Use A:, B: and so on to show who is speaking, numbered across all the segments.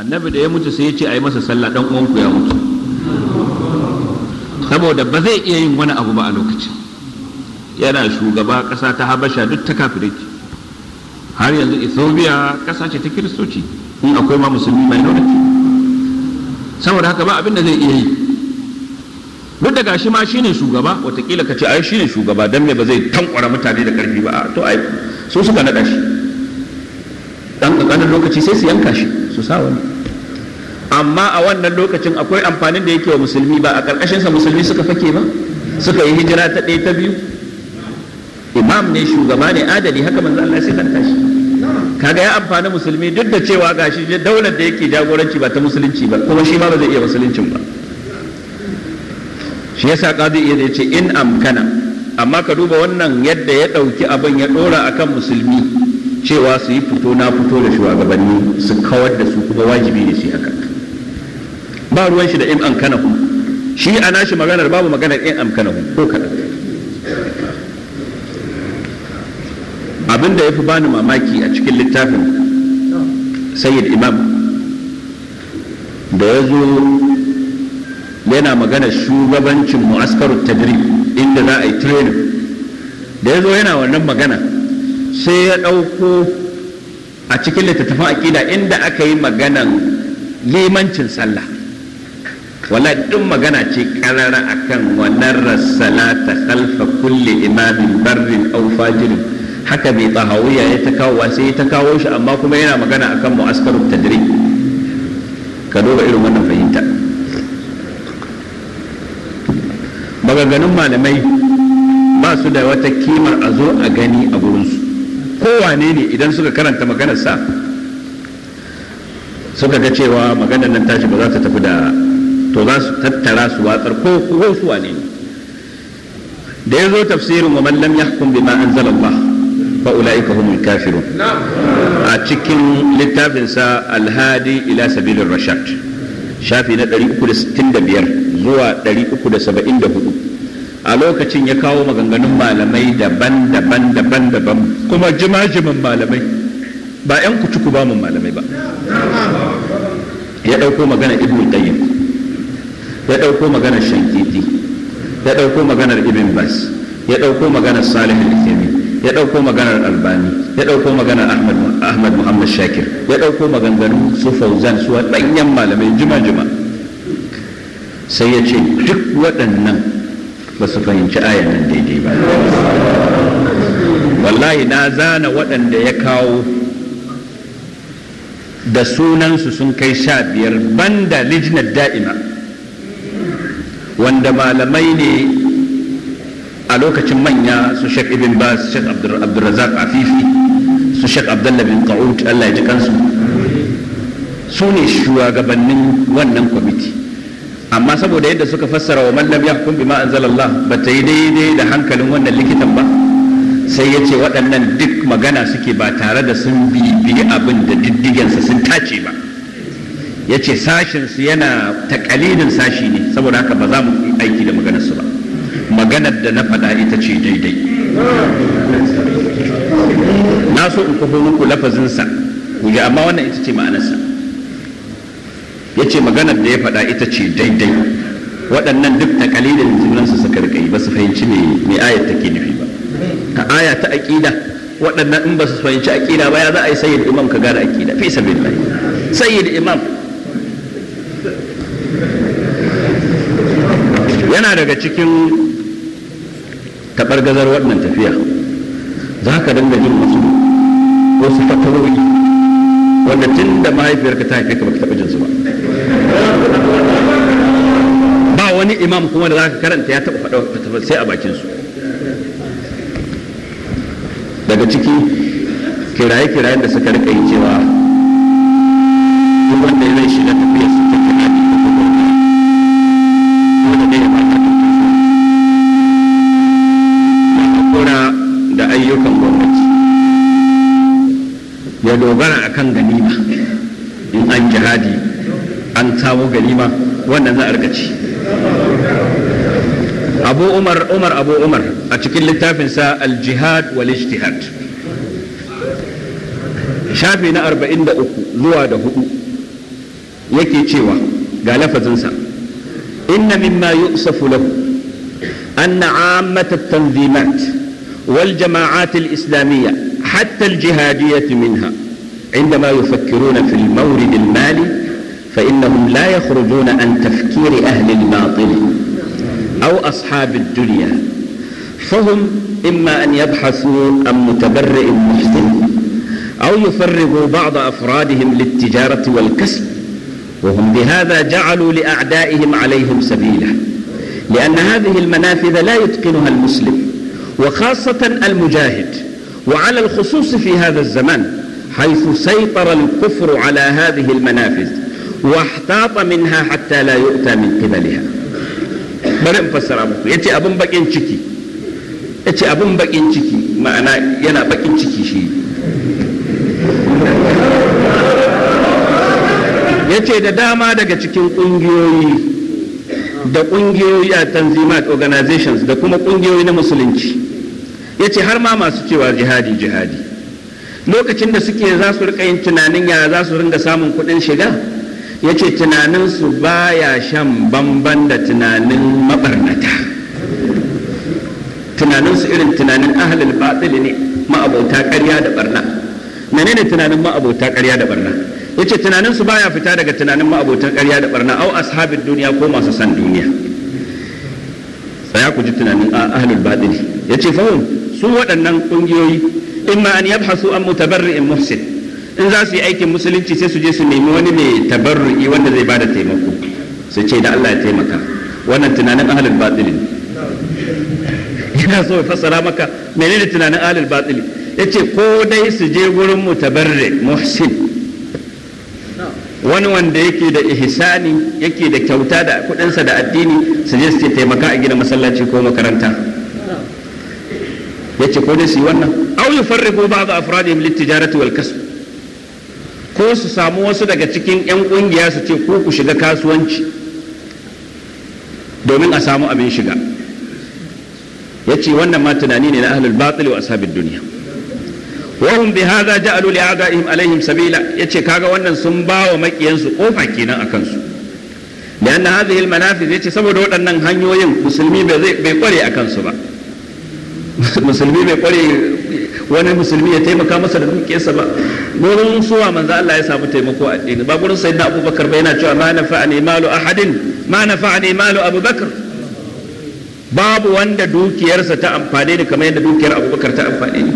A: annabi da ya mutu sai ya ce a yi masa sallah dan uwanku ya mutu saboda ba zai iya yin wani abu ba a lokacin yana shugaba ƙasa ta habasha duk ta kafirai har yanzu ethiopia ƙasa ce ta kiristoci in akwai ma musulmi mai naunaki saboda haka ba abin da zai iya yi duk da gashi ma shine shugaba watakila ka ce ai shine shugaba dan me ba zai tankwara mutane da karfi ba to ai su suka nada shi dan ƙanƙanin lokaci sai su yanka shi su sa wani amma a wannan lokacin akwai amfanin da yake wa musulmi ba a ƙarƙashinsa musulmi suka fake ba suka yi hijira ta ɗaya ta biyu imam ne shugaba ne adali haka manzo Allah sai kanta shi kaga ya amfani musulmi duk da cewa gashi daular da yake jagoranci ba ta musulunci ba kuma shi ma ba zai iya musuluncin ba shi yasa qadi ya ce in amkana amma ka duba wannan yadda ya dauki abin ya dora akan musulmi cewa su yi fito na fito da shugabanni su kawar da su kuma wajibi ne su haka ba ruwan shi da in an kana shi a nashi maganar babu maganar in an kana ko kaɗan abin ya fi bani mamaki a cikin littafin sayyid imam da ya zo yana maganar shugabancin mu'askarun tadrib inda za a yi training da ya zo yana wannan magana sai ya ɗauko a cikin littattafan aƙida inda aka yi maganan limancin sallah wala duk magana ce karara akan wannan ta kalfa kulle imamin barrin aw fajirin haka bai tsahawiya ya ta kawo sai ya ta kawo shi amma kuma yana magana akan mu'askarut tadiri ka duba irin wannan fahimta maganganun malamai ba su da wata kimar a zo a gani a gurinsu kowane ne idan suka karanta maganarsa suka ga cewa maganar nan tashi ba za ta tafi da to za su tattara su watsar ko su wane ne da ya zo tafsirin wa man lam yahkum bima Ba fa ulaika humul kafirun a cikin littafinsa alhadi ila sabilin rashad shafi na 365 zuwa 374 a lokacin ya kawo maganganun malamai daban-daban daban-daban kuma jimajiman malamai ba 'yan kutuku ba mun malamai ba ya ɗauko magana ibn qayyim ya ɗauko magana shankiti ya ɗauko maganar ibn bas ya ɗauko maganar salih al-ithimi ya ɗauko maganar albani ya ɗauko maganar ahmad ahmad muhammad shakir ya ɗauko maganganun su fauzan su ɗanyen malamai jima-jima sai ya ce duk waɗannan ba su fahimci ayan daidai ba wallahi na zana waɗanda ya kawo da sunansu sun kai sha biyar banda lijinar da'ima wanda malamai ne a lokacin manya su shek ibn su shek AbdurRazak afifi su shek Abdullahi bin allah ya ji kansu su ne shugabannin wannan kwamiti amma saboda yadda suka fassara wa mallam ya hukum bima anzalallah ba ta yi daidai da hankalin wannan likitan ba sai ya ce waɗannan duk magana suke ba tare da sun bibiyi abin da diddigensa sun tace ba ya ce sashinsu yana takalilin sashi ne saboda haka ba za mu aiki da maganarsu ba maganar da na faɗa ita ce daidai na so in kufo muku lafazinsa ku amma wannan ita ce ma'anarsa ya ce maganar da ya faɗa ita ce daidai waɗannan duk da kalilin junansu su rika yi ba su fahimci me ayat take nufi ba ka aya ta aƙida waɗannan in ba su fahimci aƙida ba ya za a yi sayyid imam ka gane aƙida fi lai sayyid imam yana daga cikin taɓargazar wannan tafiya za ka dinga jin wasu wasu fatawoyi wanda tun da mahaifiyarka ta haife ka baka taɓa jinsu ba ba wani imam kuma da za ka karanta ya taɓa faɗa sai a bakinsu daga ciki kiraye-kirayen da suka rika yi cewa duk wanda zai shiga tafiya su ta kira ne ko kuma da dai ba ta kura da ayyukan gwamnati ya dogara akan ganima in an jihadi an samu ganima wannan za a rika ci abu umar umar abu umar a cikin littafinsa al-jihad wal ijtihad shafi na 43 zuwa da 4 yake cewa ga lafazinsa inna mimma yusafu lahu anna tanzimat أن عامة التنظيمات والجماعات الإسلامية حتى الجهادية منها عندما يفكرون في المورد المالي فإنهم لا يخرجون عن تفكير أهل الباطل أو أصحاب الدنيا فهم إما أن يبحثوا عن متبرئ محسن أو يفرغوا بعض أفرادهم للتجارة والكسب وهم بهذا جعلوا لأعدائهم عليهم سبيلا لأن هذه المنافذ لا يتقنها المسلم وخاصة المجاهد وعلى الخصوص في هذا الزمان حيث سيطر الكفر على هذه المنافذ واحتاط منها حتى لا يؤتى من قبلها bari in fassara muku ya ce abin bakin ciki ya ce abin bakin ciki ma'ana yana bakin ciki shi ya ce da dama daga cikin ƙungiyoyi da ƙungiyoyi a tanzimat organizations da kuma ƙungiyoyi na musulunci ya ce har ma masu cewa jihadi jihadi lokacin da suke za su rika yin tunanin ya za su ringa samun kuɗin shiga ya ce tunaninsu ba ya shan bamban da tunanin mabarnata tunaninsu irin tunanin ahalil batil ne ma'abauta ƙarya da barna menene tunanin ma'abauta ƙarya da barna ya ce tunaninsu ba ya fita daga tunanin ma'abautan ƙarya da barna au ashabin duniya ko masu san duniya tsaya ku ji tunanin ahalil batil ya ce fahim su waɗannan ƙungiyoyi imma an yabhasu an mutabarri'in muhsin in za su yi aikin musulunci sai su je su nemi wani mai tabarru'i wanda zai bada taimako su ce da Allah ya taimaka wannan tunanin ahlul batil yana so ya fassara maka menene tunanin ahlul batil yace ko dai su je gurin mutabarri muhsin wani wanda yake da ihsani yake da kyauta da kudinsa da addini su je su taimaka a gina masallaci ko makaranta yace ko dai su yi wannan au yufarriqu ba'd afradihim lit tijarati wal kasb ko su samu wasu daga cikin 'yan kungiya su ce ko ku shiga kasuwanci domin a samu abin shiga ya ce wannan ma tunani ne na ahlul batil wa ashabid duniya wahun bi hadha ja'alu li a'daihim alaihim sabila yace kaga wannan sun bawa makiyansu kofa kenan a kansu da anna hadhihi almanafiz yace saboda waɗannan hanyoyin musulmi bai bai kware a kansu ba musulmi bai kware wani musulmi ya taimaka masa da dukiyarsa ba gurin suwa manzo Allah ya samu taimako a addini ba gurin sayyidina Abubakar ba yana cewa ma nafa'ani malu ahadin ma nafa'ani malu Abubakar babu wanda dukiyarsa ta amfane ni kamar yadda dukiyar Abubakar ta amfane ni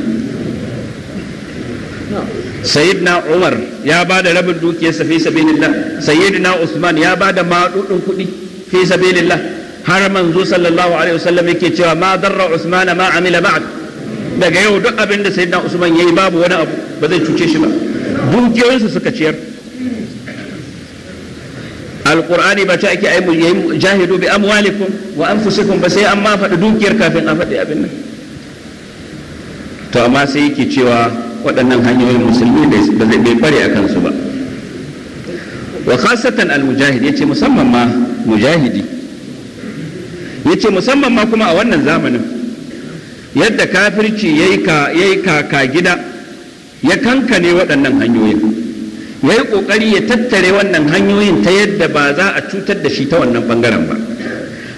A: sayyidina Umar ya ba da rabin dukiyarsa fi sabilillah sayyidina Usman ya ba da madudin kuɗi fi sabilillah har manzo sallallahu alaihi wasallam yake cewa ma darra Usman ma amila ba'd daga yau duk abin da sayyidina usman yayi babu wani abu ba zai cuce shi ba dukiyoyinsa suka ciyar alqur'ani ba ta ake ayi jahidu bi amwalikum wa anfusikum ba sai an ma faɗi dukiyar kafin an faɗi abin nan to amma sai yake cewa waɗannan hanyoyin musulmi ba zai bai kware a kansu ba wa khasatan al-mujahid yace musamman ma mujahidi yace musamman ma kuma a wannan zamanin yadda kafirci ya yi kaka gida ya kankane waɗannan hanyoyin ya yi ƙoƙari ya tattare wannan hanyoyin ta yadda ba za a cutar da shi ta wannan ɓangaren ba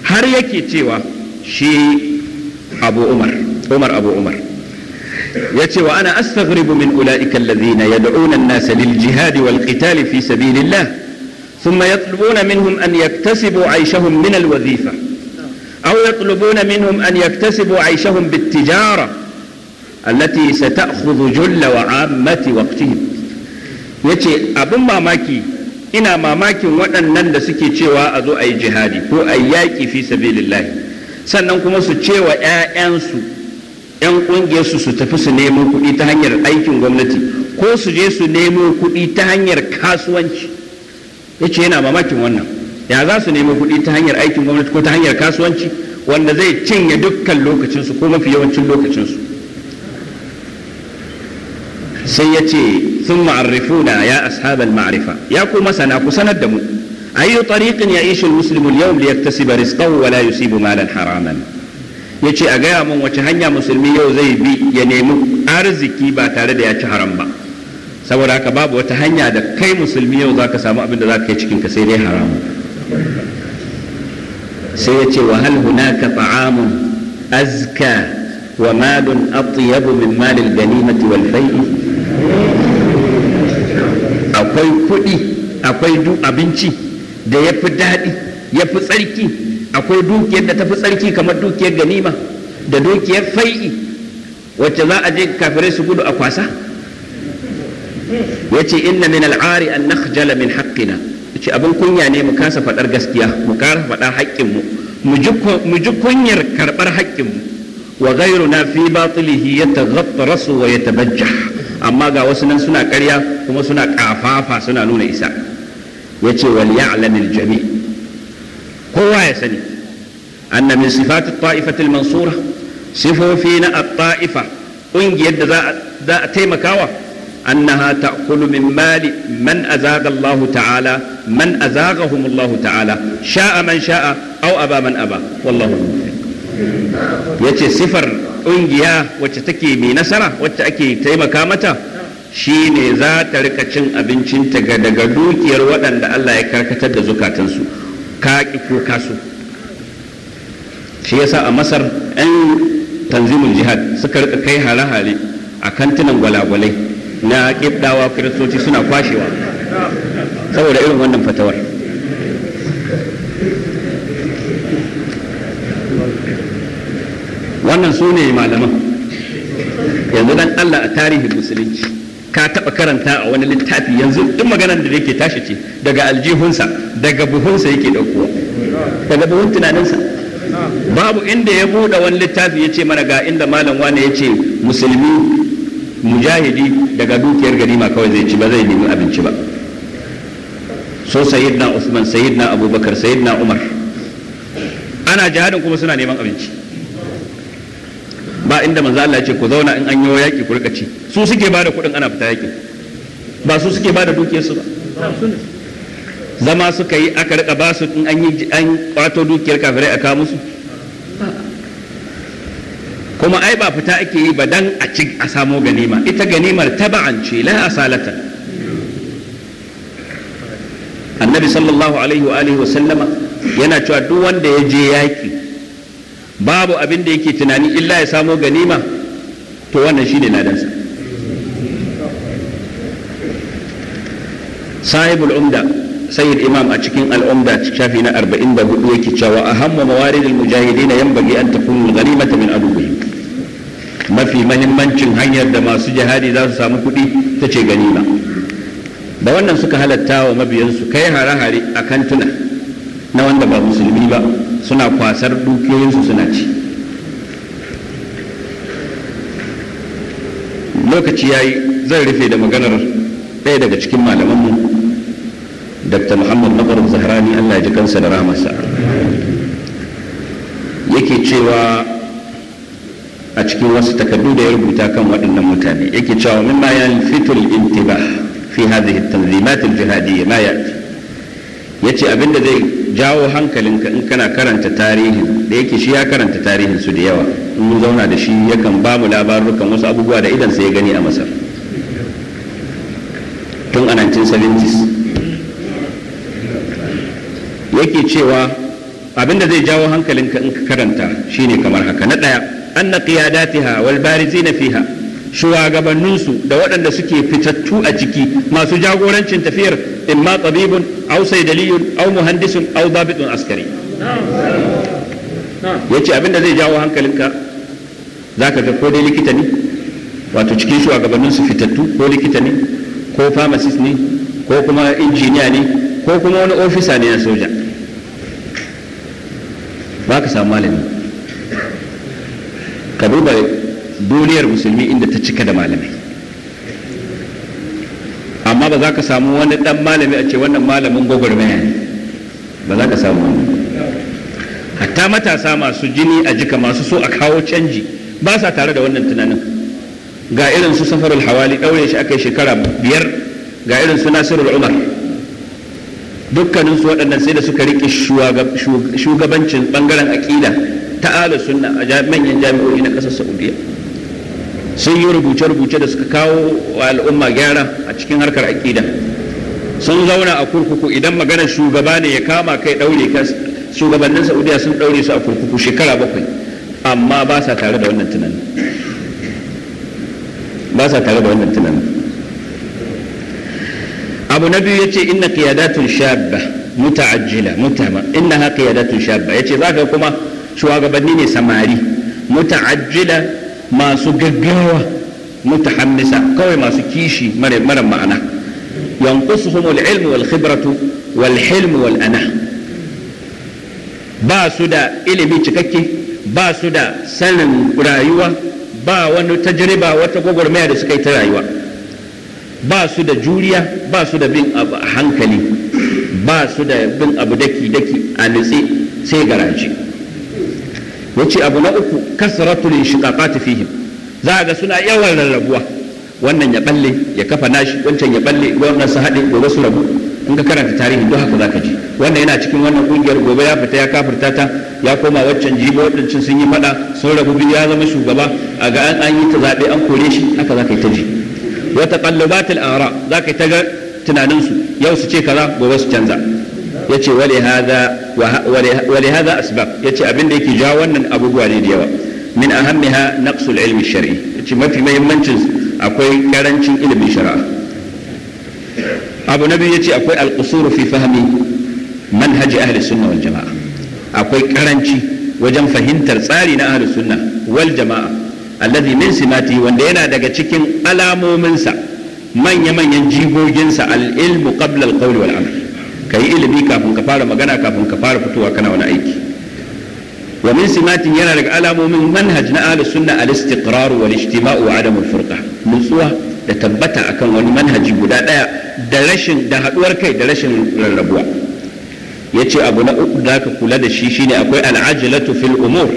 A: har yake cewa shi abu umar umar abu umar ya ce wa ana astaghribu min ula'ika allazina yad'una an-nasa lil jihad wal qital fi sabilillah thumma yatlubuna minhum an yaktasibu 'ayshahum min al-wazifa أو يطلبون منهم أن يكتسبوا عيشهم بالتجارة التي ستأخذ جل وعامة وقتهم yace abin mamaki ina mamakin waɗannan da suke cewa a zo a yi jihadi ko a yi yaƙi fi sabilillahi sannan kuma su cewa 'ya'yansu 'yan ƙungiyarsu su tafi su nemo kuɗi ta hanyar aikin gwamnati ko su je su nemo kuɗi ta hanyar kasuwanci yace yana mamakin wannan ya za su nemi kuɗi ta hanyar aikin gwamnati ko ta hanyar kasuwanci wanda zai cinye dukkan lokacinsu ko mafi yawancin lokacinsu sai ya ce sun na ya ashabar ma'arifa ya ku masana ku sanar da mu ayu tariqin ya ishul muslimu yau li yaktasiba rizqahu wa la yusibu malan haraman ce a gaya min wace hanya musulmi yau zai bi ya nemi arziki ba tare da ya ci haram ba saboda haka babu wata hanya da kai musulmi yau zaka samu abin da zaka yi cikin ka sai dai haramu. sai ya ce wa hal hunaka ta'amun azka wa malun atyabu min malil ganimati wal akwai kuɗi akwai abinci da ya fi daɗi ya fi tsarki akwai dukiyar da ta fi tsarki kamar dukiyar ganima da dukiyar fai'i wacce za a je kafirai su gudu a kwasa ya ce inna min al'ari an nakhjala min haƙƙina. ce abin kunya ne mu kasa faɗar gaskiya mu kasa faɗar haƙƙinmu mu ji kunyar karɓar haƙƙinmu wa na fi batilihi rasu wa ya tabajja amma ga wasu nan suna karya, kuma suna ƙafafa suna nuna isa Ya yace wal ya'lamil jami' kowa ya sani anna min sifati at mansura sifofi na at-ta'ifa ƙungiyar da za a taimakawa أنها تأكل من مال من أزاغ الله تعالى من أزاغهم الله تعالى شاء من شاء أو أبا من أبا والله الموفق يتي سفر أنجيا وتتكي من نسرة وتأكي تيما كامتا شين ذات لك تشن أبن تشن تقد قدوك يروض أن الله يكرك تد زكاة تنسو كاك كاسو شيء مصر أن تنظيم الجهاد سكرت كي هلا هالي أكنتنا ولا ولي na kibdawa kiristoci suna kwashewa saboda irin wannan fatawar wannan su ne malaman yanzu dan Allah a tarihin musulunci ka taɓa karanta a wani littafi yanzu duk maganar da yake tashi ce daga aljihunsa daga buhunsa yake ɗaukowa daga buhun tunaninsa babu inda ya buɗe wani littafi ya ce mana ga inda malam wane ya ce musulmi mujahidi daga dukiyar ganima kawai zai ci ba zai nemi abinci ba so sayyidina Usman sayyidina Abubakar sayyidina Umar ana jihadin kuma suna neman abinci ba inda manzo Allah ya ce ku zauna in an yi yaki ku rika ci su suke bada kuɗin ana fita yaki ba su suke bada dukiyar su ba zama suka yi aka rika basu in an yi an kwato dukiyar kafirai aka musu kuma ai ba fita ake yi ba dan a ci a samo ganima ita ganimar taba'an ce la asalata annabi sallallahu alaihi wa alihi wasallama yana cewa duk wanda ya je yaki babu abin da yake tunani illa ya samo ganima to wannan shine ladansa sahibul umda sayyid imam a cikin al'umda shafi na 44 yake cewa ahammu mawaridil mujahidin yanbaghi an takunu al-ghanimata min aduwwihim mafi mahimmancin hanyar da masu jihadi za su samu kuɗi ta ce gani ganima da wannan suka halatta wa mabiyansu kai hare-hare a kantuna na wanda ba musulmi ba suna kwasar dukiyoyinsu suna ci lokaci ya yi zan rufe da maganar ɗaya daga cikin malamanmu dr muhammad nabar zahrani allah ya ji kansa da ramarsa yake cewa a cikin wasu takardu da ya rubuta kan waɗannan mutane yake cewa yan fitul 'Intiba, fi hadhihi tanzimat al-jihadiyya ma ya yace abinda zai jawo hankalinka in kana karanta tarihin da yake shi ya karanta tarihin su da yawa in mun zauna da shi yakan ba mu labarukan wasu abubuwa da idan sai ya gani a masar tun a 1970s yake cewa abinda zai jawo hankalinka in ka karanta shine kamar haka na ɗaya anna qiyadatiha wal barizina fiha shugabanninsu da waɗanda suke fitattu a ciki masu jagorancin tafiyar imma tabibun aw saydaliyun au muhandisun au dabitun askari yace abinda zai jawo hankalinka zaka ga ko dai likita ne wato cikin shugabanninsu fitattu ko likita ne ko pharmacist ne ko kuma injiniya ne ko kuma wani ofisa ne na soja ba ka samu malami ka duba duniyar musulmi inda ta cika da malamai amma ba za ka samu wani dan malami a ce wannan malamin gwagwarmaya ne ba za ka samu wani hatta matasa masu jini a jika masu so a kawo canji ba sa tare da wannan tunanin ga irin su safarul hawali ɗaure shi aka yi shekara biyar ga irin su nasirul umar dukkaninsu waɗannan sai da suka riƙe shugabancin ɓangaren aƙida ta ala sunna a manyan jami'o'i na ƙasar saudiya sun yi rubuce-rubuce da suka kawo wa al'umma gyara a cikin harkar aƙida sun zauna a kurkuku idan magana shugaba ne ya kama kai ɗaure ka shugabannin saudiya sun ɗaure su a kurkuku shekara bakwai amma ba sa tare da wannan tunanin ba sa tare da wannan tunanin abu na biyu ce inna qiyadatun shabba muta'ajjila mutama innaha qiyadatun shabba za ka kuma shugabanni ne samari muta'ajjila masu gaggawa mutahammisa kawai masu kishi mara ma'ana yanqusuhum al-ilm wal khibratu wal hilm wal ana ba su da ilimi cikakke ba su da sanin rayuwa ba wani tajriba wata gwagwarmaya da suka yi ta rayuwa ba su da juriya ba su da bin abu a hankali ba su da bin abu daki-daki a nutse sai garaje ce abu na uku kasratul inshiqaqat fihim za ga suna yawan rarrabuwa wannan ya balle ya kafa nashi wancan ya balle wannan su haɗe gobe su rabu in ka karanta tarihi duk haka zaka ji wannan yana cikin wannan ƙungiyar gobe ya fita ya kafirta ta ya koma waccan jibi waɗancan sun yi fada sun rabu biyu ya zama shugaba a ga an yi ta zaɓe an kore shi haka zaka yi ta ji wata qallubatil ara zaka yi ta ga tunaninsu yau su ce kaza gobe su canza yace wale hada wale hadha asbab yace abin da yake jawo wannan abubuwa ne da yawa min ahammiha naqsul ilmi shar'i yace mafi muhimmancin akwai karancin ilimin shari'a abu nabi yace akwai alqusuru fi fahmi manhaji ahli sunna wal jamaa akwai karanci wajen fahimtar tsari na ahli sunna wal jamaa alladhi min simati wanda yana daga cikin alamominsa manya-manyan jigoginsa al-ilmu qabla al-qawli wal amal ka yi ilimi kafin ka fara magana kafin ka fara fitowa kana wani aiki wa min simatin yana daga alamomin manhaj na ahlus sunna al-istiqrar wal ijtima'u wa adam al-furqa nutsuwa da tabbata akan wani manhaji guda daya da rashin da haduwar kai da rashin rarrabuwa yace abu na uku da ka kula da shi shine akwai al-ajlatu fil umur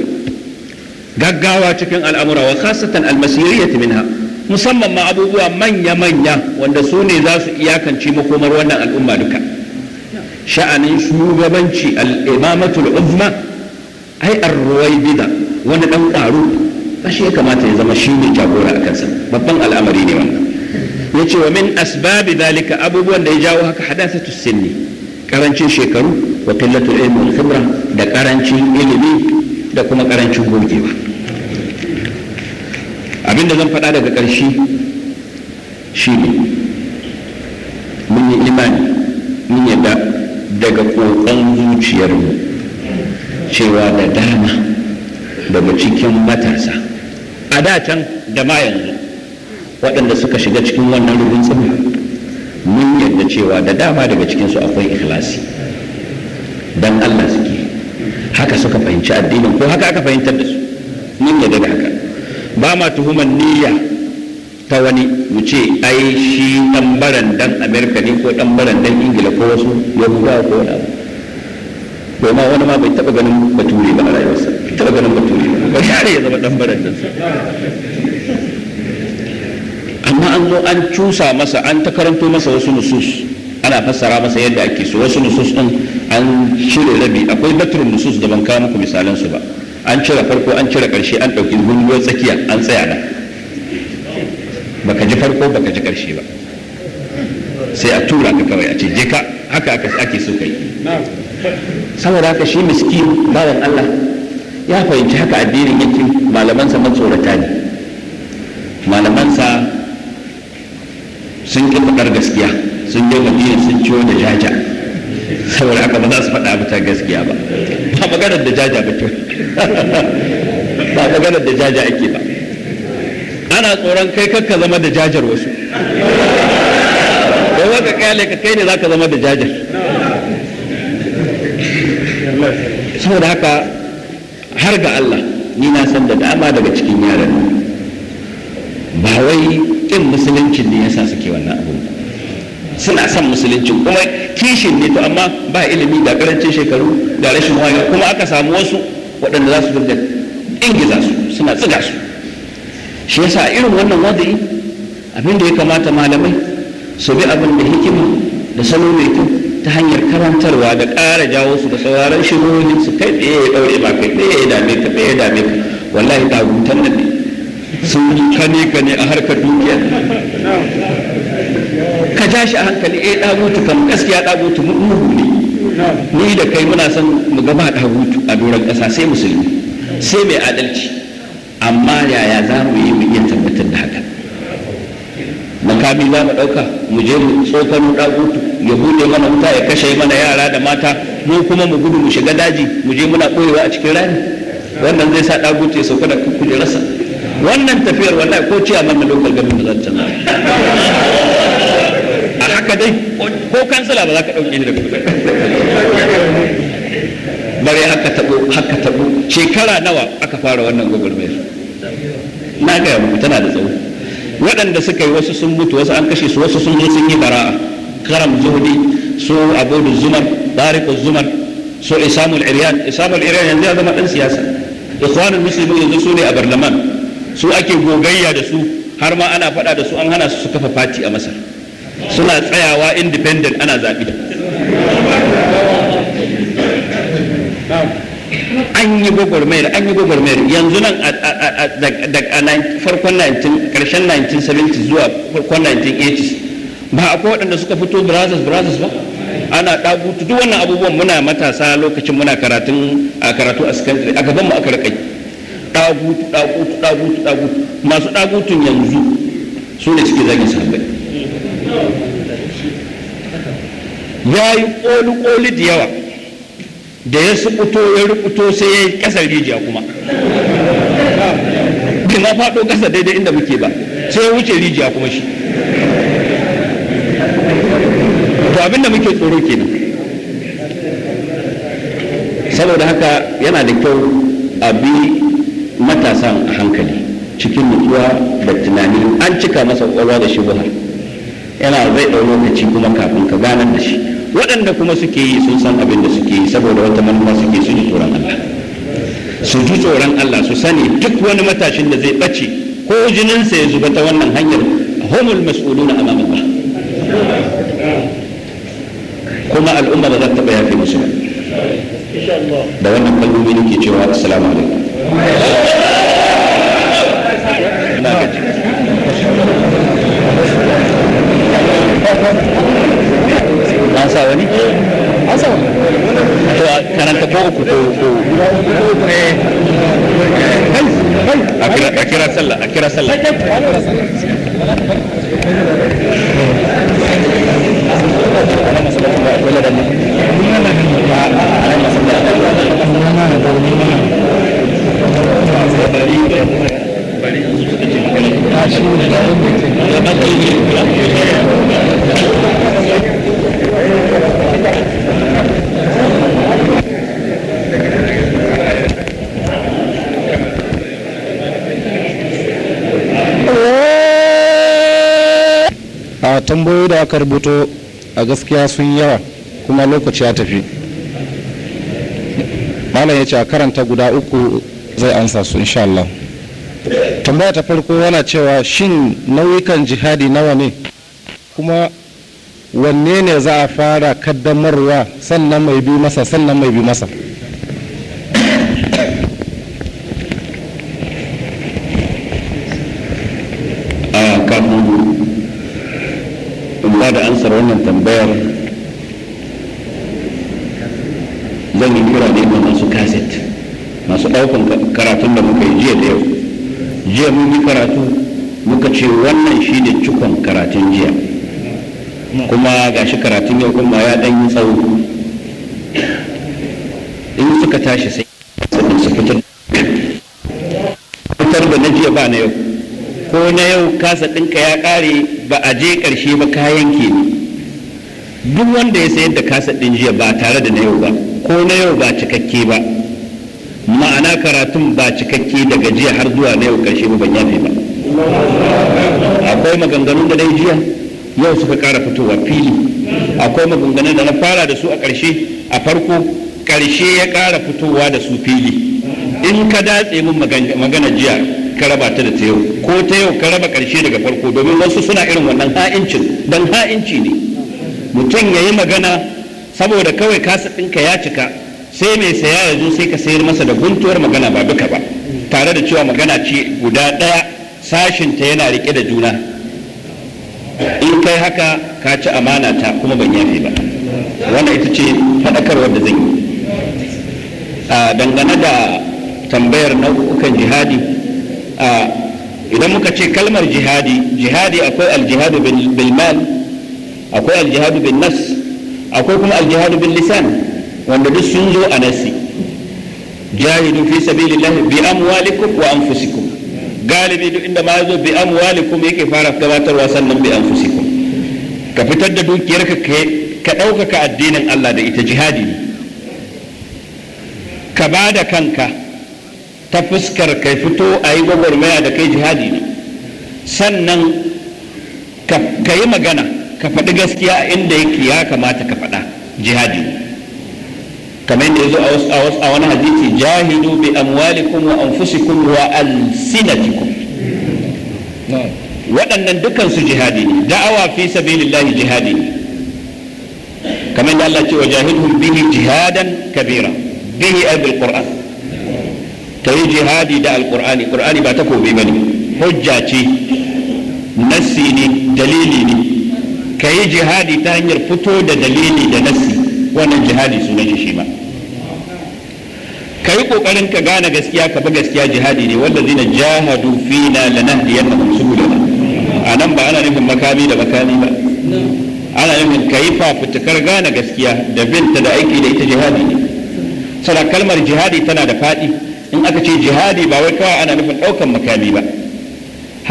A: gaggawa cikin al'amura wa khasatan al-masiriyyati minha musamman ma abubuwa manya-manya wanda su ne za su iyakanci makomar wannan al'umma duka sha'anin shugabanci al'imamatul uzma ai arruwai bida wani ɗan ƙaru ashe ya kamata ya zama shi ne jagora a kansa babban al'amari ne wannan ya ce wa min asbabi dalika abubuwan da ya jawo haka hadasatu sinni karancin shekaru wa qillatul ilmi khibra da karancin ilimi da kuma karancin gogewa da zan faɗa daga ƙarshe shi ne mun yi imani mun yadda daga ƙoƙon zuciyarmu cewa da dama daga cikin matasa a da can da ma yanzu waɗanda suka shiga cikin wannan rubin tsibir mun yadda cewa da dama daga cikinsu akwai ikhlasi don Allah suke haka suka fahimci addinin ko haka aka fahimtar da su mun yadda da haka ba ma tuhuman niyya ta wani mu ce ai shi dan barandan amerika ne ko dan barandan ingila ko wasu yahudawa ko wani abu domin wani ma bai taba ganin bature ba a rayuwarsa bai taba ganin bature ba share ya zama dan dan amma an zo an cusa masa an ta karanto masa wasu nusus ana fassara masa yadda ake so wasu nusus din an cire rabi akwai batrun nusus da ban kawo muku misalan su ba an cire farko an cire karshe an dauki gungun tsakiya an tsaya da. baka ji farko baka ji karshe ba sai a tura ka kawai a ce je ka haka aka ake so kai saboda haka shi miskin bayan Allah ya fahimci haka addinin yake malamansa matsorata ne malamansa sun ƙi faɗar gaskiya sun yi madina sun ciwo da jaja saboda haka ba za su faɗa ta gaskiya ba ba maganar da jaja ba ba maganar da jaja ake ba kana tsoron kai kakka zama da jajar wasu da waka kyale ka kai ne za ka zama da jajar saboda haka har ga Allah ni na san da dama daga cikin yaran ba wai kin musuluncin ne yasa suke wannan abu suna son musuluncin kuma kishin ne to amma ba ilimi da karancin shekaru da rashin wayo kuma aka samu wasu waɗanda za su dinga ingiza su suna tsiga su shi yasa irin wannan wada'i abin da ya kamata malamai su bi abin da hikima da salo mai kyau ta hanyar karantarwa da ƙara jawo su da sauraron shigohin su kai tsaye ya ɗaure ba kai tsaye ya dame ka tsaye ya dame ka wallahi tagutan nan ne sun yi kane kane a harkar dukiya ka ja shi a hankali eh dagutu kam gaskiya mu mu ne ni da kai muna son mu gama dagutu a doron ƙasa sai musulmi sai mai adalci amma yaya za mu yi mu iya tabbatar da haka makami za mu ɗauka mu je mu tsokano ɗagutu ya buɗe mana wuta ya kashe mana yara da mata mu kuma mu gudu mu shiga daji mu je muna ɓoyewa a cikin rani wannan zai sa ɗagutu ya sauka da rasa wannan tafiyar wallahi ko ciya mana lokal gamin da zan tana a haka dai ko kansala ba za ka ɗauke ni da kuka bare haka tabo haka tabo shekara nawa aka fara wannan gwagwarmayar na gaya muku tana da tsawo waɗanda suka yi wasu sun mutu wasu an kashe su wasu sun zo sun yi bara'a karam zuhudi su abudu zumar tariqu zumar su isamul iryan isamul iryan yanzu ya zama dan siyasa ikhwanul muslimin yanzu su ne a barlaman su ake gogayya da su har ma ana faɗa da su an hana su su kafa fati a masar suna tsayawa independent ana zaɓi an yi gwagwarmayar an yi gwagwarmayar yanzu nan a farkon 19 karshen 1970 zuwa farkon 1980 ba akwai waɗanda suka fito brazos brazos ba ana ɗabutu duk wannan abubuwan muna matasa lokacin muna karatun a karatu a sekandare a gaban mu aka rakai ɗagutu ɗagutu ɗagutu ɗabutu masu ɗabutun yanzu su ne suke zagin sahabbai ya yi ƙoli-ƙoli da yawa da ya rubuto ya rukuto sai ya yi kasar rijiya kuma bai na faɗo ƙasa daidai inda muke ba sai ya wuce rijiya kuma shi to abinda muke tsoro kenan saboda haka yana da kyau a bi matasan a hankali cikin nutsuwa da tunani an cika masa ƙwaƙwalwa da shi buhar yana zai ɗau lokaci kuma kafin ka ganar da shi waɗanda kuma suke yi sun san abin da suke yi saboda wata manufa suke su ji tsoron Allah su ji tsoron Allah su sani duk wani matashin da zai ɓace ko jininsa ya zuba ta wannan hanyar humul mas'uluna amama Allah kuma al'umma ba za ta taɓa yafe musu da wannan kalmomi nake cewa assalamu alaikum Thank you. an sa wani an sa wani to karanta ko uku ko ko a kira a kira sallah a kira sallah
B: Thank you. a tambayoyi da aka rubuto a gaskiya sun yawa kuma lokaci ya tafi malam ya ce a karanta guda uku zai ansa su insha Allah tambaya ta farko yana cewa shin nau'ikan jihadi nawa ne kuma wanne ne za a fara kaddamarwa sannan mai bi masa sannan mai bi masa a
A: in ba da ansar wannan tambayar zan yi kira ne masu kaset masu ɗaukan karatun da muka yi jiya da yau jiya mun yi karatu muka ce wannan shi ne cikon karatun jiya kuma ga shi karatun yau kuma ya dan yi tsawo in suka tashi sai su fitar fitar da na jiya ba na yau ko na yau kasa ɗinka ya ƙare ba a je ƙarshe ba kayan ke duk wanda ya sayar da kasa ɗin jiya ba tare da na yau ba ko na yau ba cikakke ba ma'ana karatun ba cikakke daga jiya har zuwa na yau ƙarshe ba ban yafe ba akwai maganganun da na jiya yau suka ƙara fitowa fili akwai maganganun da na fara da su a ƙarshe a farko ƙarshe ya ƙara fitowa da su fili in ka datse min magana jiya ka raba ta da ta yau ko ta yau ka raba ƙarshe daga farko domin wasu suna irin wannan ha'incin don ha'inci ne mutum ya yi magana saboda kawai kasa ɗinka ya cika sai mai saya ya zo sai ka sayar masa da guntuwar magana ba duka ba tare da cewa magana ce guda ɗaya sashinta yana riƙe da juna in kai haka ka ci amana ta kuma ban yafe ba wannan ita ce faɗakarwar da zan yi dangane da tambayar nau'ukan jihadi idan muka ce kalmar jihadi jihadi akwai aljihadu bil mal akwai aljihadu bin nas akwai kuma aljihadu bil lisan wanda duk sun zo a nasi jahidu fi sabilillah bi amwalikum wa anfusikum galibi duk inda ma zo bi kuma yake fara gabatarwa sannan bi anfusikum ka fitar da dukiyarka ka ɗaukaka addinin Allah da ita jihadi ne ka ba da kanka ta fuskar kai fito a yi gwagwarmaya da kai jihadi ne sannan ka yi magana ka faɗi gaskiya inda yake ya kamata ka faɗa jihadi ne kamar yadda yazo a wani hadisi jahidu bi amwalikum wa anfusikum wa alsinatikum waɗannan dukan su jihadi ne da'awa fi sabilillahi jihadi ne da Allah ce wa jahidhum bihi jihadan kabira bihi ay bil jihadi da alqur'ani qur'ani ba takobi hujja ce nassi ne dalili ne jihadi ta hanyar fito da dalili da nassi wannan jihadi sunan shi shi ma ka kokarin ka gane gaskiya ka ba gaskiya jihadi ne wanda zina jahadu fina lanahdiyannahum subulana a nan ba ana nufin makami da makami ba ana nufin ka yi fafutukar gane gaskiya da binta da aiki da ita jihadi ne sana kalmar jihadi tana da faɗi in aka ce jihadi ba wai kawai ana nufin daukan makami ba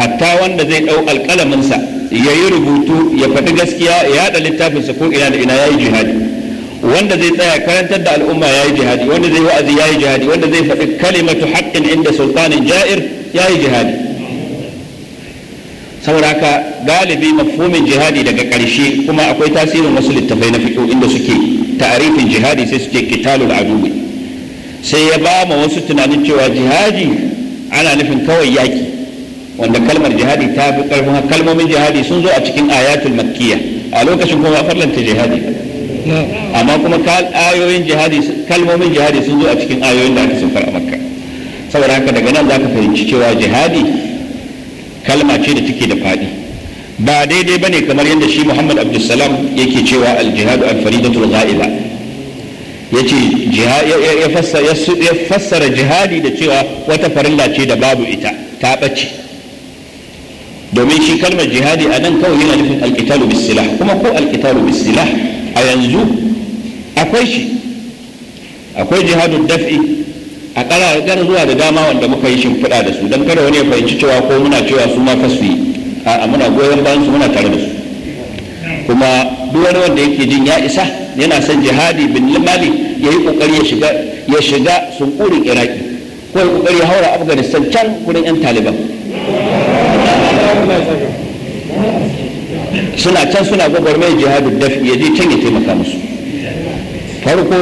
A: hatta wanda zai ɗau alkalaminsa ya yi rubutu ya faɗi gaskiya ya yaɗa littafinsa ko ina da ina ya yi jihadi wanda zai tsaya karantar da al'umma ya yi jihadi wanda zai wa'azi ya yi jihadi wanda zai faɗi kalimatu haƙƙin inda sultanin ja'ir ya yi jihadi sauraka galibi mafhumin jihadi daga ƙarshe kuma akwai tasirin wasu littafai na fito inda suke ta'arifin jihadi sai suke kitalul aduwi sai ya ba ma wasu tunanin cewa jihadi ana nufin kawai yaki wanda kalmar jihadi ta fi ƙarfin kalmomin jihadi sun zo a cikin ayatul makkiya a lokacin kuma farlanta jihadi amma kuma ayoyin jihadi kalmomin jihadi sun zo a cikin ayoyin da aka saukar a makka saboda haka daga nan za ka fahimci cewa jihadi kalma ce da take da faɗi ba daidai ba ne kamar yadda shi muhammad abdulsalam yake cewa aljihadu alfaridatul ghaiba ya ce ya fassara jihadi da cewa wata farilla ce da babu ita ta ɓace domin shi kalmar jihadi a nan kawai yana nufin alkitalu bisila. kuma ko alkitalu bisila. a yanzu akwai shi akwai jihadun daf'i a ƙarar zuwa da dama wanda muka yi shimfiɗa da su don kada wani ya fahimci cewa ko muna cewa su ma kasu yi a muna goyon bayan su muna tare da su kuma duk wani wanda yake jin ya isa yana son jihadi bin limali ya yi kokari ya shiga ya shiga sunkurin iraki ko ya kokari ya haura afganistan can kudin yan taliban suna can suna gwagwarmayar jihadu da ya je can ya taimaka musu farko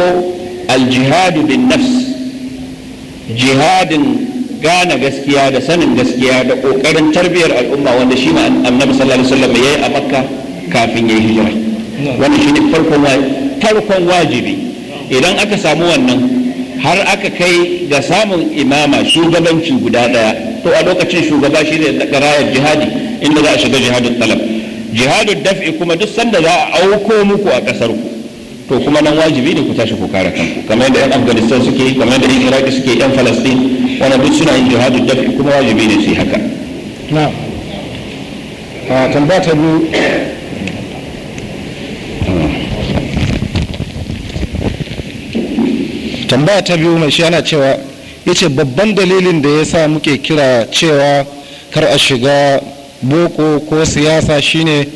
A: aljihadu bin nafs jihadin gane gaskiya da sanin gaskiya da ƙoƙarin tarbiyyar al'umma wanda shi ma annabi sallallahu alaihi wasallam yayi a makka kafin yayi hijira wannan shine farkon farkon wajibi idan aka samu wannan har aka kai ga samun imama shugabanci guda daya to a lokacin shugaba shine da karayar jihadi inda za a shiga jihadin talab jihadu daf'i kuma duk sanda za a auko muku a kasar ku to kuma nan wajibi ne ku tashi ku kare kanku kamar yadda yan afghanistan suke yi kamar yadda yan iraki suke yan falastin wanda duk suna yin jihadu daf'i kuma wajibi ne su yi haka
B: na'am tambaya ta biyu tambaya ta biyu mai shi yana cewa ya ce babban dalilin da ya sa muke kira cewa kar a shiga boko ko siyasa shine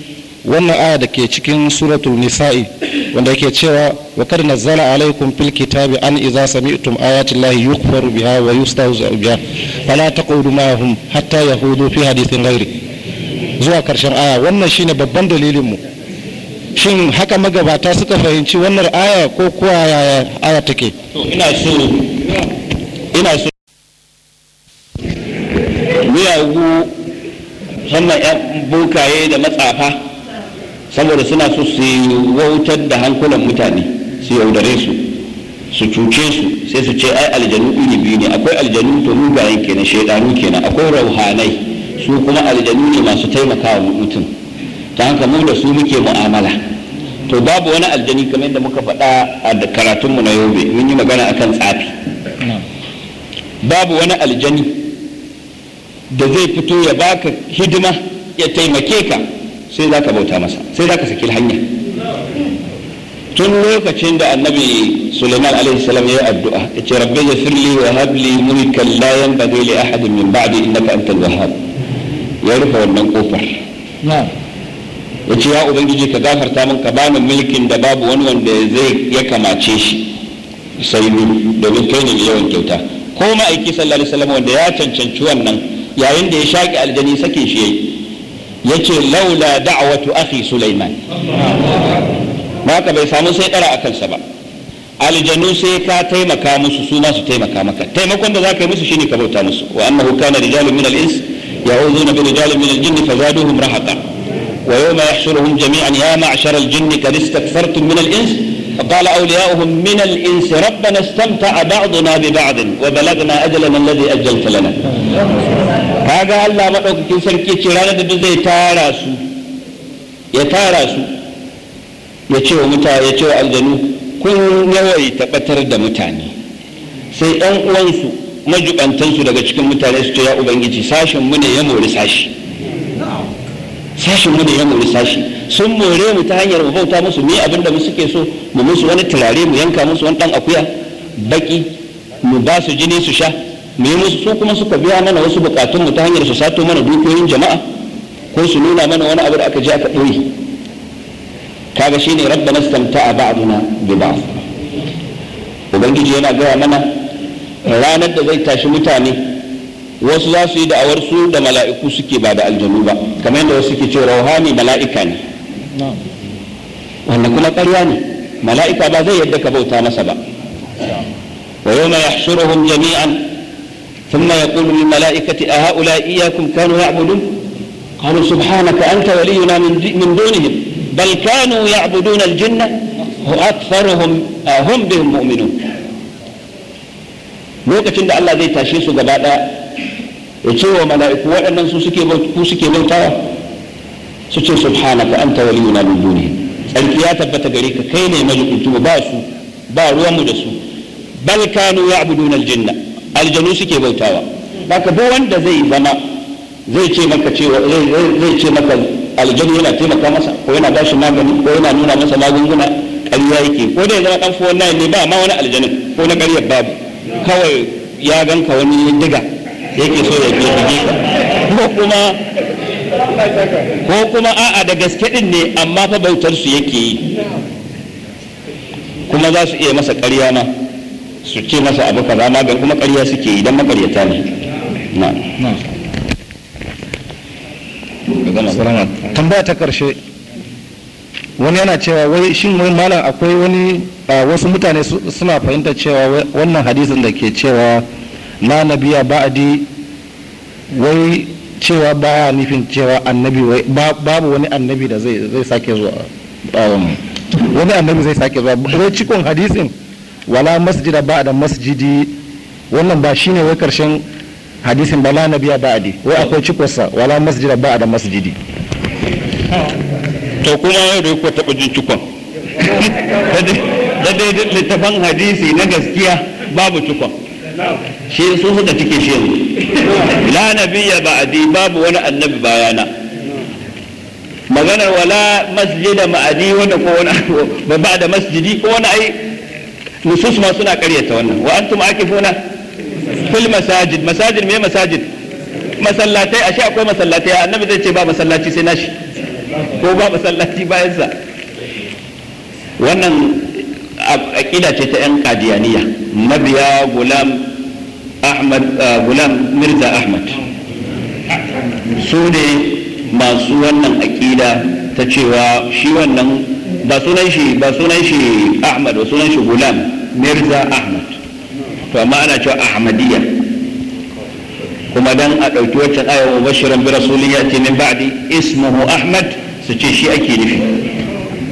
B: wannan aya da ke cikin suratul nisa'i wanda ke cewa wa kad nazzala alaikum fil kitabi an idza sami'tum ayati llahi yukfaru biha wa yustahza'u biha fala taqulu ma'ahum hatta yahudu fi hadithin ghairi zuwa karshen aya wannan shine babban dalilin mu shin haka magabata suka fahimci wannan aya ko kuwa yaya aya take ina so ina so musamman 'yan bokaye
A: da matsafa saboda suna so su wautar da hankulan mutane su yaudare su su cuce su sai su ce ai aljanu iri biyu ne akwai aljanu to mugayen kenan shaidanu kenan akwai rauhanai su kuma aljanu ne masu taimakawa mutum ta haka mu da su muke mu'amala to babu wani aljani kamar yadda muka faɗa a karatunmu na yobe mun yi magana akan tsafi babu wani aljani da zai fito ya baka hidima ya taimake ka sai za ka bauta masa sai za ka saki hanya tun lokacin da annabi suleiman alaihissalam ya yi addu'a ya ce rabbi ya firli wa habli mulkan la yanbaghi li ahadin min ba'di innaka antal wahhab ya rufe wannan kofar ya ce ya ubangiji ka gafarta min ka bani mulkin da babu wani wanda zai ya kamace shi sai ni domin kai ne yawan kyauta ko ma'aiki sallallahu alaihi wasallam wanda ya cancanci wannan yayin da ya shaƙi aljani sakin shi yayi yace laula da'watu akhi sulaiman haka bai samu sai dara a kansa ba aljanu sai ka taimaka musu su ma su taimaka maka taimakon da za ka yi musu shine ka bauta musu wa annahu kana rijalun min al-ins ya'uduna bi rijalin min al-jinn fazaduhum rahaqa wa yawma yahshuruhum jami'an ya ma'shara al-jinn qad istakfartum min al-ins فقال أولياؤهم من الإنس ربنا استمتع بعضنا ببعض وبلغنا أجلنا الذي أجلت لنا kaga Allah maɗaukakin sarki ce ranar da zai tara su ya tara su ya ce wa mutane ya ce wa aljanu kun yawai tabbatar da mutane sai ɗan uwansu majubantansu daga cikin mutane su ce ya ubangiji sashen mu ne ya mori sashi sashen mu ne ya mori sashi sun more mu ta hanyar mu bauta musu ne abinda mu suke so mu musu wani turare mu yanka musu wani dan akuya baki mu ba su jini su sha mu su kuma suka biya mana wasu bukatun mu ta hanyar su sato mana dukiyoyin jama'a ko su nuna mana wani abu da aka je aka ɗoye kaga shine rabbana istamta'a ba'duna bi ba'd ubangiji yana gaya mana ranar da zai tashi mutane wasu za su yi da'awar su da mala'iku suke ba da aljanu ba kamar yadda wasu suke cewa rauhani mala'ika ne wannan kuma ƙarya ne mala'ika ba zai yadda ka bauta masa ba wa yawma yahshuruhum jami'an ثم يقول للملائكة أهؤلاء إياكم كانوا يعبدون قالوا سبحانك أنت ولينا من دونهم بل كانوا يعبدون الجنة وأكثرهم آه، هم بهم مؤمنون لوكة عند الله ذي تشيس قبادا يتوى ملائك وعنا سوسكي بوسكي بوتا سوسكي سبحانك أنت ولينا من دونهم الكيات بتقريك كيني مجد انتم باسو باروا مجسو بل كانوا يعبدون الجنه aljanu suke bautawa baka ba wanda zai zama zai ce maka cewa zai ce maka aljanu yana taimaka masa ko yana bashi magani ko yana nuna masa magunguna ƙarya yake ko da ya zama ɗan fuwan nayin ne ba ma wani aljanu ko na ƙaryar babu kawai ya ganka wani diga yake so ya ke ko kuma ko kuma a'a da gaske din ne amma fa bautar su yake yi kuma za su iya masa ƙarya ma su ce masa abu kaza ma ga kuma ƙarya suke idan makaryata ne
B: na tambaya ta karshe wani yana cewa wai shin wai malam akwai wani wasu mutane suna fahimta cewa wannan hadisin da ke cewa na nabiya ba'adi wai cewa baya nufin cewa annabi wai babu wani annabi da zai sake zuwa um, wani annabi zai sake zuwa wai cikon hadisin wala masjida ba da masjidi wannan ba shine wai karshen hadisin ba ba nabiya di. wai akwai cikosa wala masjida ba da masjidi to kuma yau da ku taɓa jin cikon
A: da daidai littafan hadisi na gaskiya babu cikon shi sun suka cike shi yanzu la nabiya ba'adi babu wani annabi bayana maganar wala masjida ma'adi wanda ko wani ba da masjidi ko wani ai nusus ma suna karyata wannan wa antum akifuna fil masajid masajid me masajid masallatai ashe akwai masallatai annabi zai ce ba masallaci sai nashi ko ba masallaci bayan sa wannan aqida ce ta yan qadiyaniya mabiya gulam ahmad gulam mirza ahmad su ne masu wannan aqida ta cewa shi wannan ba sunan shi ba sunan shi Ahmad ba sunan shi Gulam Mirza Ahmad to amma ana cewa Ahmadiyya kuma dan a ɗauki waccan ayar mubashiran bi rasuliyya ce min ba'di ismuhu Ahmad su ce shi ake nufi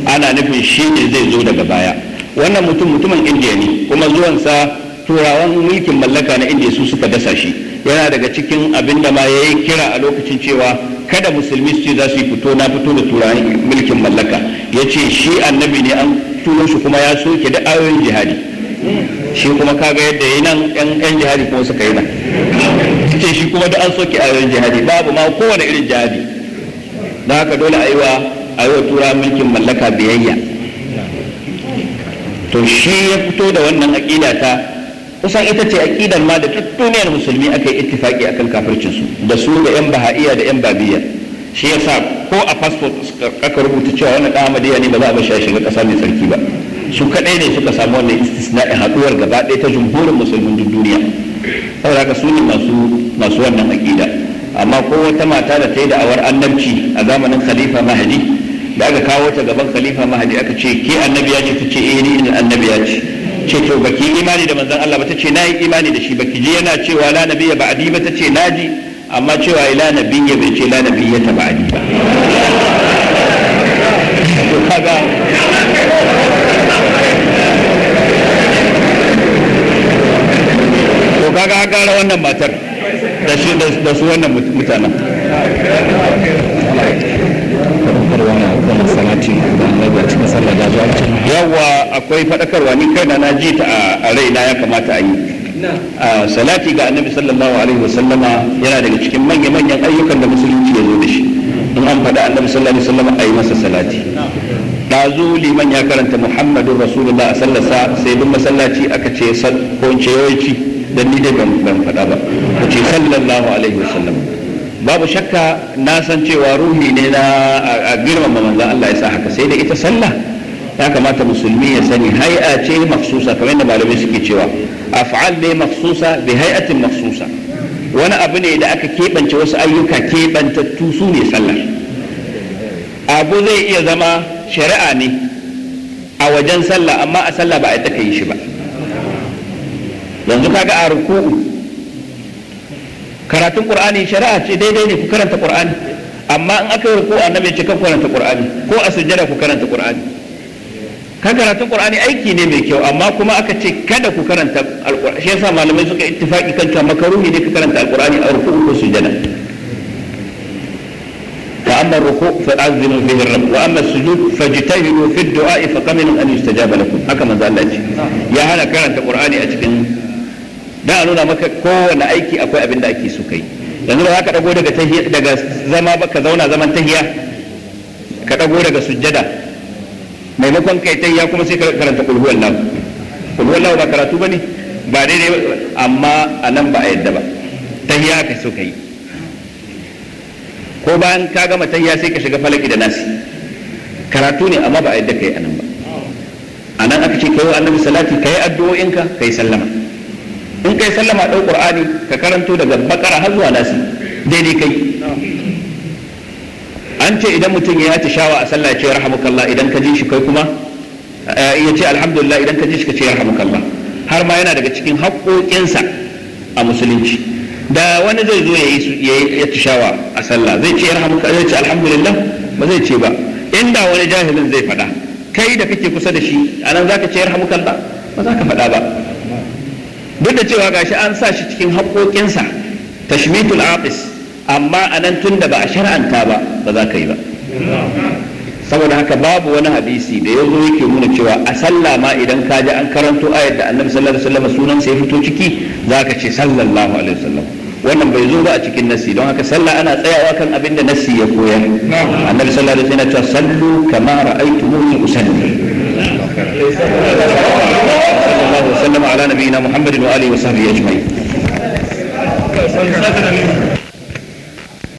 A: ana nufin shi ne zai zo daga baya wannan mutum mutumin indiya ne kuma zuwansa turawan mulkin mallaka na indiya su suka dasa shi yana daga cikin abin da ma ya yi kira a lokacin cewa kada musulmi su ce za su yi fito na fito da turawan mulkin mallaka ya ce shi annabi ne an turo shi kuma ya soke da ayoyin jihadi shi kuma kaga yadda yi nan yan jihadi kuma suka yi nan ce shi kuma da an soke ayoyin jihadi babu ma kowane irin jihadi da haka dole a yi wa turawan mulkin mallaka biyayya to shi ya fito da wannan aƙida ta kusan ita ce aƙidar ma da duk duniyar musulmi aka yi ittifaki akan kafircin su da su da 'yan baha'iya da 'yan babiya shi yasa ko a fasfot aka rubuta cewa wani ɗan amadiya ne ba za a bashi a shiga ƙasa mai tsarki ba su kaɗai ne suka samu wannan istisna'in haɗuwar gaba ɗaya ta jumhurin musulmin duk duniya saboda haka su ne masu wannan aƙida amma ko wata mata da ta yi da'awar annabci a zamanin khalifa mahadi da aka kawo ta gaban khalifa mahadi aka ce ke annabiya ce ta ce eh ni annabiya ce ce to baki imani da manzon Allah ba ta ce na yi imani da shi baki ji yana cewa la nabiyya ba'di ba ta ce na ji amma cewa ila nabiyya bai ce la nabiyya ta ba'di ba to kaga an gara wannan matar da shi da su wannan mutanen yawa akwai faɗakarwa ni kaina na ji ta a raina ya kamata a
B: yi
A: salati ga annabi sallallahu alaihi wasallama yana daga cikin manya-manyan ayyukan da musulunci ya zo da shi in an faɗa annabi sallallahu alaihi wasallama a yi masa salati ɗazu liman ya karanta muhammadun rasulullah a sallasa sai duk masallaci aka ce ko in ce yawanci dan ni dai ban faɗa ba ko ce sallallahu alaihi wasallam babu shakka na san cewa ruhi ne na a girmama manzon Allah ya sa haka sai da ita sallah ya kamata musulmi ya sani hai'a ce mafsusa kamar yadda malamai suke cewa af'al ne mafsusa bi hai'atin mafsusa wani abu ne da aka keɓance wasu ayyuka keɓantattu su ne sallah abu zai iya zama shari'a ne a wajen sallah amma a sallah ba a taka yi shi ba yanzu kaga a ruku'u karatun qur'ani shari'a ce daidai ne ku karanta qur'ani amma in aka yi ruku'u annabi ya ce kan karanta qur'ani ko a sujjada ku karanta qur'ani kan karatun qur'ani aiki ne mai kyau amma kuma aka ce kada ku karanta alqur'ani shi yasa malamai suka ittifaki kan cewa makaruhi ne ka karanta alqur'ani a ruku'u ko sujada fa amma ruku' fa azinu bihi rabb wa amma sujud fajtahidu fi du'a fa qamil an yustajaba lakum haka manzo Allah ce ya hana karanta qur'ani a cikin da a nuna maka kowane aiki akwai abin da ake so kai yanzu ba za ka dago daga daga zama ba ka zauna zaman tahiya ka dago daga sujjada maimakon kai ta ya kuma sai karanta kulhu wallahu kulhu wallahu ba karatu ba ne ba dai amma a nan ba a yadda ba Ta tayya ka so ka yi. ko bayan ka gama ta tayya sai ka shiga falaki da nasi karatu ne amma ba a yadda ka yi a nan ba a nan aka ce ka wa annabi salati ka ka addu'o'inka yi sallama in ka yi sallama ɗau ƙur'ani ka karanto daga bakara har zuwa nasi daidai kai an ce idan mutum ya shawa a sallah ce rahmukallah idan ka ji shi kai kuma eh, ya ce alhamdulillah idan ka ji shi ka ce rahmukallah har ma yana daga cikin haƙoƙinsa a musulunci da wani zai zo ya yi shawa a sallah zai ce zai ce alhamdulillah ba zai ce ba inda wani jahilin zai faɗa kai da kake kusa da shi anan zaka ce yarhamukallah ba za ka faɗa ba duk da cewa gashi an sa shi cikin haƙoƙinsa tashmitul aqis amma a nan tun da ba a shar'anta ba ba za ka yi ba saboda haka babu wani hadisi da ya zo yake nuna cewa a sallah ma idan ka ji an karanto ayat da annabi sallallahu alaihi wasallam sunan sai fito ciki za ka ce sallallahu alaihi wasallam wannan bai zo ba a cikin nasi don haka sallah ana tsayawa kan abin da nasi ya koyar annabi sallallahu alaihi wasallam ya ce sallu kama ra'aytumuni usalli
B: sallallahu alaihi wasallam ala nabiyina muhammadin wa alihi wa sahbihi ajma'in